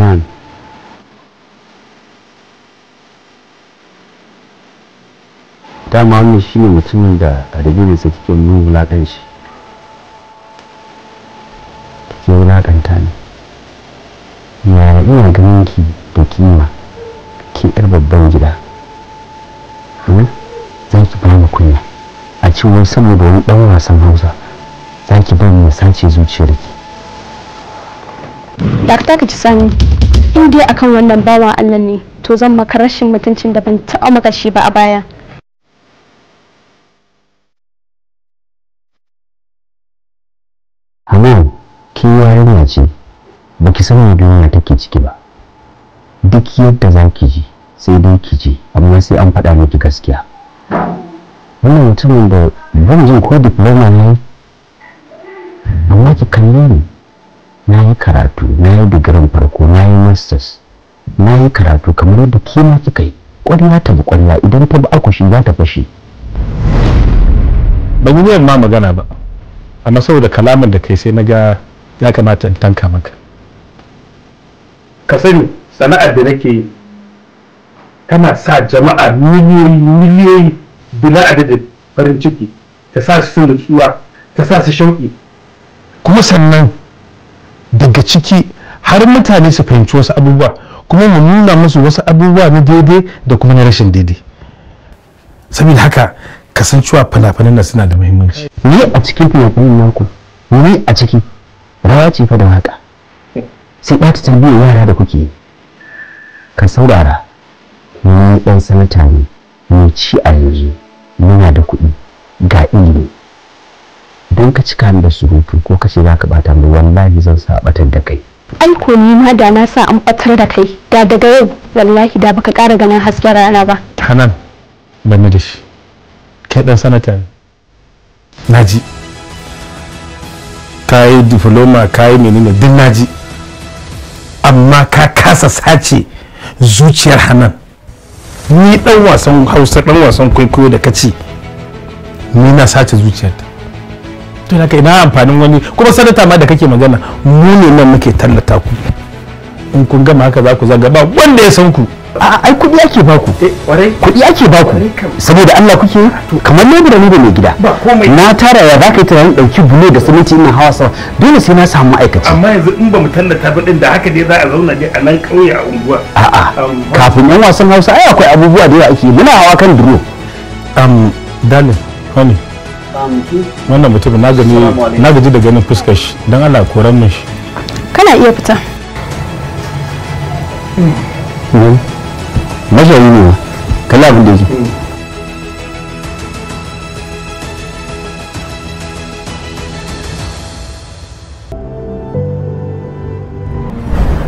الرحمن dama wannan shine mutumin da a dalilin sa kike nuna wulakan shi kike wulakanta ne ya ina ganin ki da kima ki ƴar babban gida za ki bani kunya a cewa saboda wani dan wasan hausa za ki bani sace zuciyarki dakta ka ci sani in dai akan wannan bawan allah ne to zan maka rashin mutuncin da ban taɓa maka shi ba a baya hannun ki yarinya ce, ba ki sani duniya take ciki ba. Duk yadda za ki ji, sai dai ki ji, amma sai an faɗa miki gaskiya. Wannan mutumin da ban jin ko diploma ne, amma ki kalli ni yi karatu na yi digirin farko na yi masters na yi karatu kamar yadda ke kika yi ƙwarya ta bi ƙwarya idan ta bi akwashi za ta fashe ban yi ma magana ba amma saboda kalamin da kai sai na ga ya kamata in tanka maka ka sani sana'ar da nake yi tana sa jama'a miliyoyi miliyoyi bila adadin farin ciki ta sa su nutsuwa ta sa su shauƙi kuma sannan daga ciki har mutane su fahimci wasu abubuwa kuma mu nuna musu wasu abubuwa na daidai da kuma na rashin daidai saboda haka kasancewa fina-finan na suna da muhimmanci ni a cikin fina-finan naku ni a ciki rawa ce fa da waka sai ta tambayi yara da kuke ka saurara ni ɗan sanata ne ni ci a yanzu muna da kuɗi ga ilimi idan ka cika ni da surutu ko ka ce ka bata mu wallahi zan sa batar da kai ai ko ma da na sa an batar da kai da daga yau wallahi da baka ƙara ganin hasken rana ba hanan ban da shi kai dan sanata ne naji ka yi diploma ka yi menene din naji amma ka kasa sace zuciyar hanan ni dan wasan hausa dan wasan kwaikwayo da kaci ni na sace zuciyarta to kai na amfanin wani kuma sanata ma da kake magana mu ne nan muke tallata ku in kun gama haka za ku zaga ba wanda ya san ku ai kuɗi ake ba ku eh, kuɗi ake ba ku saboda Allah kuke kamar da ni da mai gida na tara ya baka tunanin ɗauki bulo da siminti ina hawa sama dole sai na samu ma'aikaci amma yanzu in ba mu tallata ba din da haka dai za a zauna ne a nan ƙauye a unguwa a'a kafin yan wasan Hausa ai akwai abubuwa da yawa ake muna hawa kan duro um dalin honey wannan mutum na gaji da ganin fuskar shi don allah koran min shi kana iya fita hmm. hmm. mashayi ne kala abin da yake hmm.